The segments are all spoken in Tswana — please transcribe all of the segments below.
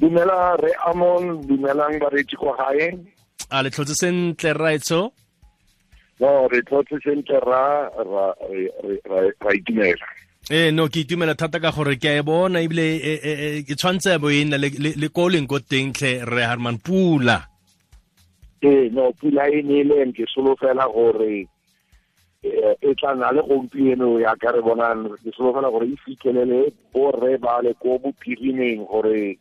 dumela re amon dumelang baretsi kwa gae a le tlhotse sentle raetso no re tlhotse sentle ra ra itumela ee no ke itumela thata ka gore ke a e bona ebile e, e, e, ke tshwantse bo e nna le ko leng ko teng tlhe re harman pula ee no pula e ne e leng ke solofela gore Eh, e tla nna le gompieno ya ka re bonang ke solofela gore e fitlhelele borre ba le ko bophirimeng gore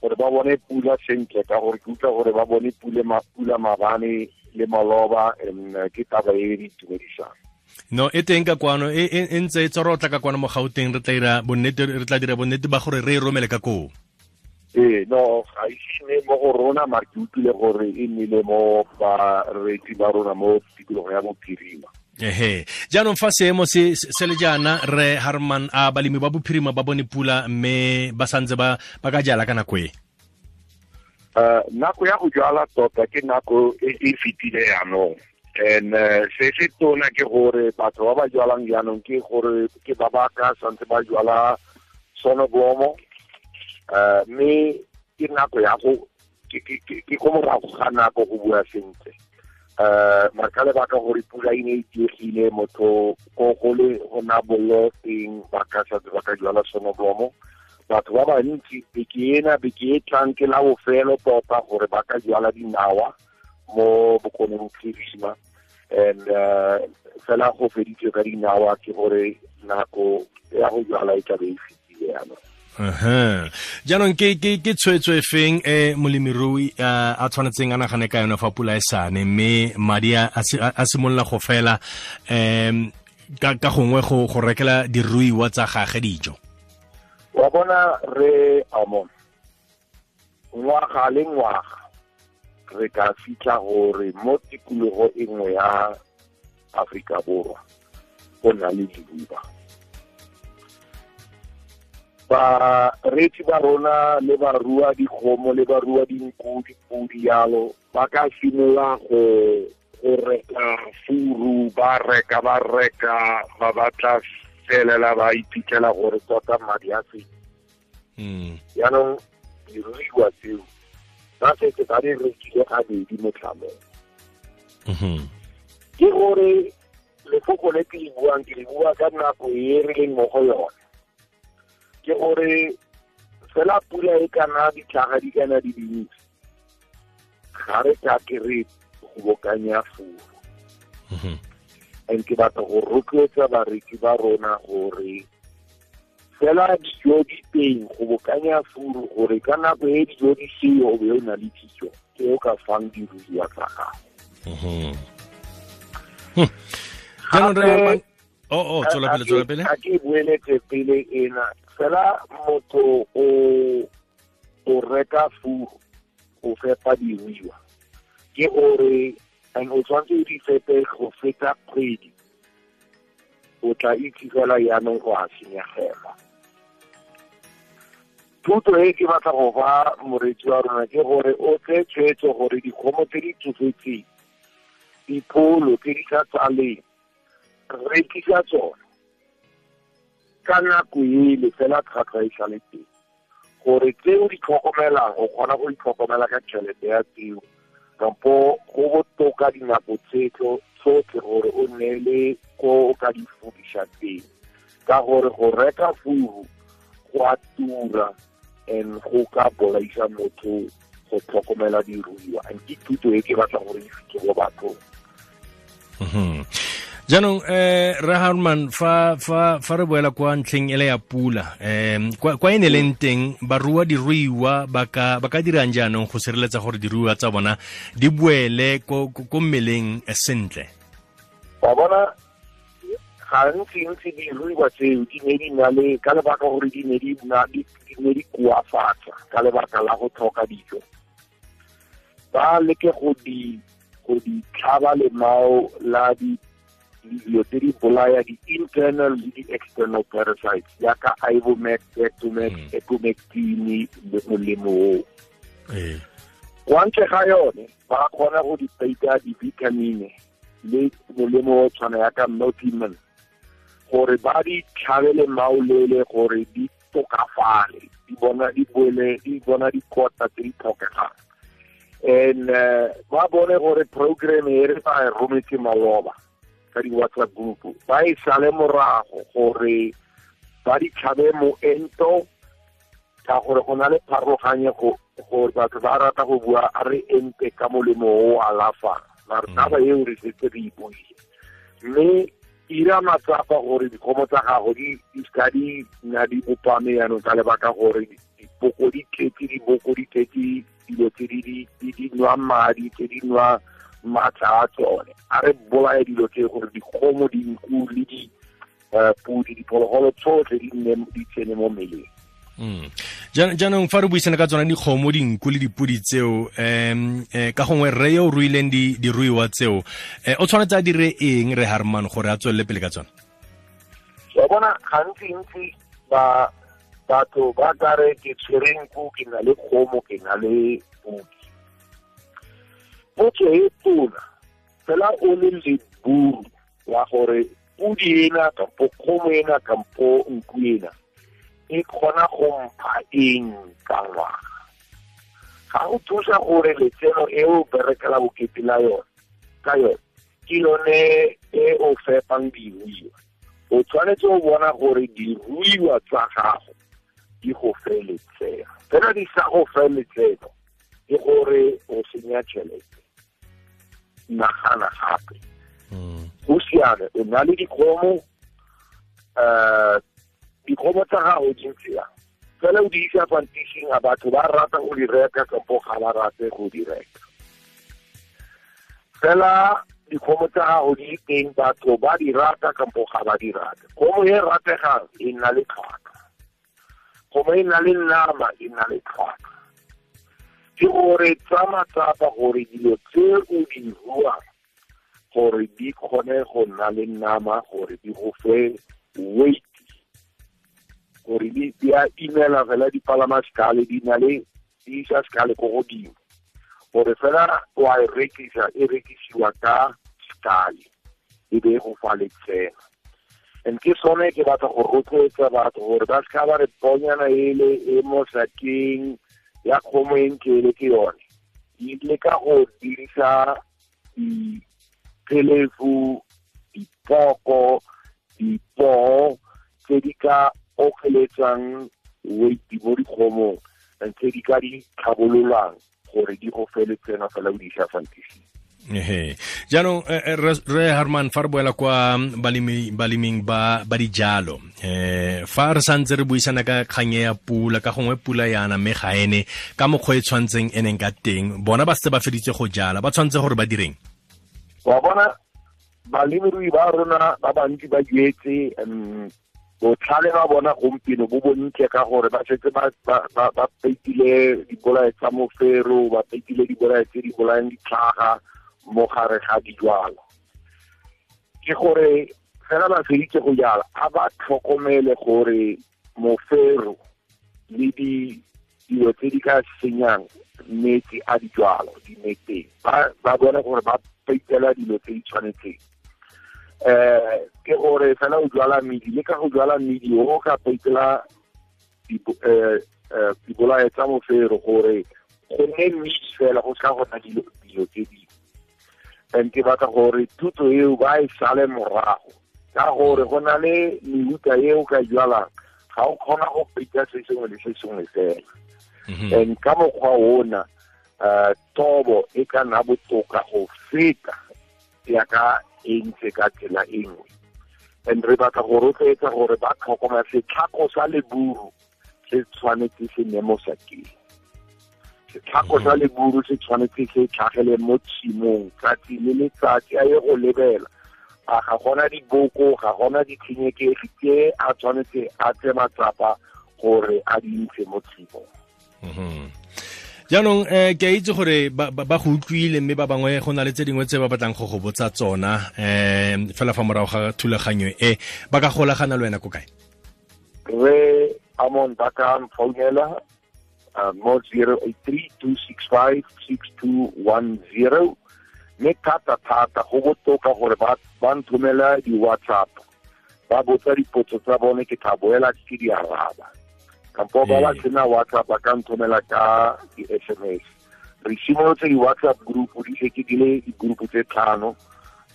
gore ba bone pula sentle ka gore ke utlwa gore ba bone pule pula mabane le maloba eh, ke taba e di itumedisang no e teng ka kwano e, e, e ntse e tswa tla ka kwano mo gauteng re tla dira bonnete re tla dira bonnete ba gore re e romele ka koo ee no ga e isene mo go rona mare ke utlwile gore e nnile mo bareti ba rona mo tikologo ya bophirima ehe jaanong fa seemo se, se le jaana re harman a balemi ba bophirima ba bone pula mme ba santse ba ba ka jala ka nako e uh, nako ya go jala tota ke nako e e fetile yaanong and uh, se se tona ke gore batho ba ba jalang jaanong ke gore ke ba ba ka santse ba jala sonoblomo um uh, mme ke nako ya go ke ko morago ga nako go bua sentle Uh ba ka gore pula e ne e tiegile motho ko gole go na bollo teng ba ka sa ba ka ba bantsi beke ena beke e tlang ke la bofelo tota gore ba ka dinawa mo bokoneng phirima and fela go feditswe ka dinawa ke gore nako ya go jwala e tlabe e fetile jaanong ke ke ke tshwetso e feng e molemirui a tshwanetseng a nagane ka yone fa pula e sane mme madi a simolola go fela um ka gongwe go go rekela diruiwa tsa gage dijo wa bona re amon ngwaga le ngwaga re ka fitlha gore mo tikologo e nngwe ya aforika borwa go na le diruiwa ba reti ba rona le ba rua dikgomo le ba rua dinku dipudi yalo ba ka simola go go reka furu ba reka ba reka ba batla felela ba iphitlhela gore tota madi a se mm yaanong diruiwa tseo ba setse ba di rekile gabedi motlhamong mm-hmm. ke gore lefoko le ke le buang ke le bua ka nako e re leng mo go yone ke gore fela pula e kana ditlhaga di kana di dintsi ga re ka kere go bokanya furu mhm. and ke batla go rotloetsa bareki ba rona gore fela dijo di teng go bokanya furu gore ka nako e dijo di seo o be o na le thiso ke o ka fang diruiwa tsa gago mhm oh, oh, tswela pele tswela pele a ke boeletse pele ena fela motho o o reka furo o fepa diruiwa ke ore and o tshwanetse o di fepe go feta kgwedi o tla itse fela yaanong go a senyegela thuto e ke batla go fa moretsi wa rona ke gore o tse tshwetso gore dikgomo tse di tsofetseng dipholo tse di sa tsaleng rekisa tsona ka nako ele fela tlhwatlhwa e sale teng gore tse o di tlhokomelang o kgona go itlhokomela ka tšhelete ya teo kampo go botoka dinako tsetlo tsotlhe gore o nne le ko o ka di fudisa teng ka gore go reka furu go a tura and go ka bolaisa motho go tlhokomela diruiwa and ke thuto e ke batla gore e fitlhe go bathong mm-hmm jaanong um eh, raharman fa fa re boela kwa ntlheng e le ya pula um kwa, e ne e leng teng barua diruiwa ba ka dirang jaanong go sireletsa gore diruiwa tsa bona di boele ko mmeleng eh, sentle wa bona gantsi-ntsi diruiwa tseo di ne di na le ka lebaka gore di ne di na ne di kuafatsa ka lebaka la go tlhoka dijo ba leke go di go di tlhaba lemao la di dilo tse di bolaya di-internal le di-external parasites jaaka ivomax etomax hmm. etomactine le molemo oo eh. kwa ntle ga yone ba kgona go di peita di-vitamine le molemo o tshwana yaka multimin gore ba di tlhabele maolele gore di tokafale di bona di boele di bona dikota tse di tlhokegang and eh, ba bone gore program e re ba rometse maloba ka di-whatsapp group ba e sale morago gore ba ditlhabe moento ka gore go na le pharoganye gore batho ba rata go bua a re ente ka molemo o alafang mare taba mm. eo re setse re ipuile e mme ira matsapa gore dikgomo tsa gago di ska di nna di bopame yanong ka lebaka gore diboko di tletse diboko di tletse dilo tse di nwang madi tse di nwa maatla a tsone a re bolaya dilo tse gore dikgomo dinku le di eh, pudi diphologolo tsotlhe di nne di tsene mo meleng mm. jaanong fa re buisane ka tsona dikgomo dinku le dipodi tseo um ka gongwe re yo o ruileng diruiwa tseo eh, o tshwanetse a dire eng re harman gore a tswelele pele ka tsona wa bona gantsi-ntsi batho ba kare ke tshwereng ku ke na le kgomo ke na le pudi potso e tona fela o le leburu wa gore pudi ena kampo kgomo ena kampo nku ena e kgona go mpha eng ka ngwaga ga o thusa gore letseno e o berekela bokete la yone ka yone ke yone e o fepang diruiwa o tshwanetse o bona gore diruiwa tsa gago di go fe letseno fela di sa go fe letseno ke gore o senya tšhelete nagana gape go mm. siame o na le dikgomo um dikgomo tsa gago di fela o di isa kwantising a batho ba rata go di reka kampo ga ba rate go di reka fela dikgomo tsa gago di teng batho ba di rata kampo ga ba di rate kgomo e rategang e nna le tlhwatlhwa kgomo e nna le nama e nna le tlhwatlhwa ke gore tsa matsapa gore dilo tse o di ruang gore di kgone go nna le nama gore di go fe weight gore di ya imela fela dipalama sekale di na le di isa sekale ko godimo gore fela wa e rekisa e rekisiwa ka sekale e be go fa letsena and ke sone ke batla go rotloetsa batho gore ba seka ba re ponyana ele e mo sakeng ya kgomo e ntlele e ke yone ke le ka go dirisa diphelefu dipoko dipoo tse di ka okeletsang weight mo dikgomong tse di ka di tlhabololang gore di go fele tsena fela o di isa ehe jaanong eh, eh, re harman fa re boela kwa baleming ba dijalo um eh, fa re santse re buisana ka kgang ya pula ka gongwe pula yana mme ga ene ka mokgwa e tshwantseng e neng ka teng bona ba setse ba feditse go jala ba tshwanetse gore ba direng wa bona balemirui ba rona ba bantsi ba jetse um botlhale ba bona gompieno bo bontle ka gore ba setse ba peitile dibolae tsa mofero ba peitile dibolae tse di bolayang ditlhaga mo gare ga dijwalwa ke gore fela ba se itse go jala a ba tlhokomele gore mofero le di dilo tse di ka senyang metsi a dijwalo dimeteng ba bone gore ba peitela dilo tse di tshwanetseng eh ke gore fela o jwala medi le ka go jwala medi o ka peitela eh, eh, dibolaya tsa mofero gore go nne mmidi fela go ska gona dilo tse di and ke batla gore thuto eo ba e sale morago ka gore go na le mehuta eo ka e jwalang ga o kgona go pita se sengwe le se sengwe fela mhm. and ka mokgwa ona um uh, tobo e ka nna botoka go feta ya ka e ntse ka tsela e nngwe and re batla go rotloetsa gore ba tlhokoma setlhako sa leburu se tshwanetse se nemo sa setlhako sa leburu se tshwanetse se tlhagele mo tshimong tsatsi le letsatsi a ye go lebela a ga gona diboko ga gona ditshenyekegi ke a tshwanetse a tse matsapa gore a dintse mo tshimong mhm. jaanong um ke a itse gore ba go utlwile mme ba bangwe go na le tse dingwe tse ba batlang go go botsa tsona um fela fa morago ga thulaganyo e ba ka golagana le wena ko kae re amon ba ka mfounela uh, maar 0832656210 mme thata thata go botoka gore ba ba nthomela di WhatsApp ba botsa dipotso tsa bone ke tla boela ke di araba kampo ba ba ee. sena WhatsApp ba ka nthomela ka di SMS re simolotse di WhatsApp group di se ke di le di group tse tlhano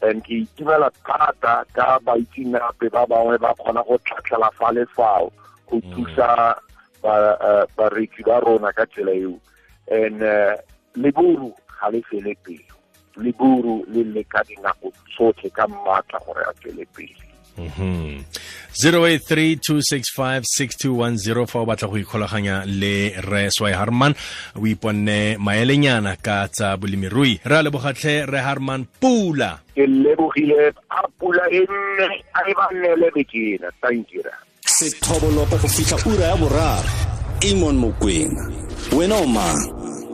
and ke itumela thata ka baitsinape ba bangwe ba kgona go tlhatlhela fa le fao go mm. thusa Eh, bareki ba rona ka tsela eo and eh, leburu ga le fele pele leburu le le ka dinako tsotlhe ka maatla gore a tswele pele six mm-hmm. six five Mm one 0832656210 fa o batla go ikgolaganya le re swai harman o iponne maelenyana ka tsa bolemirui re a lebogatlhe re harman pula ke lebogile a pula e nne a e ba nnele bekena thank sethoboloko go fitlha ura ya boraro imon mokwena wena o mang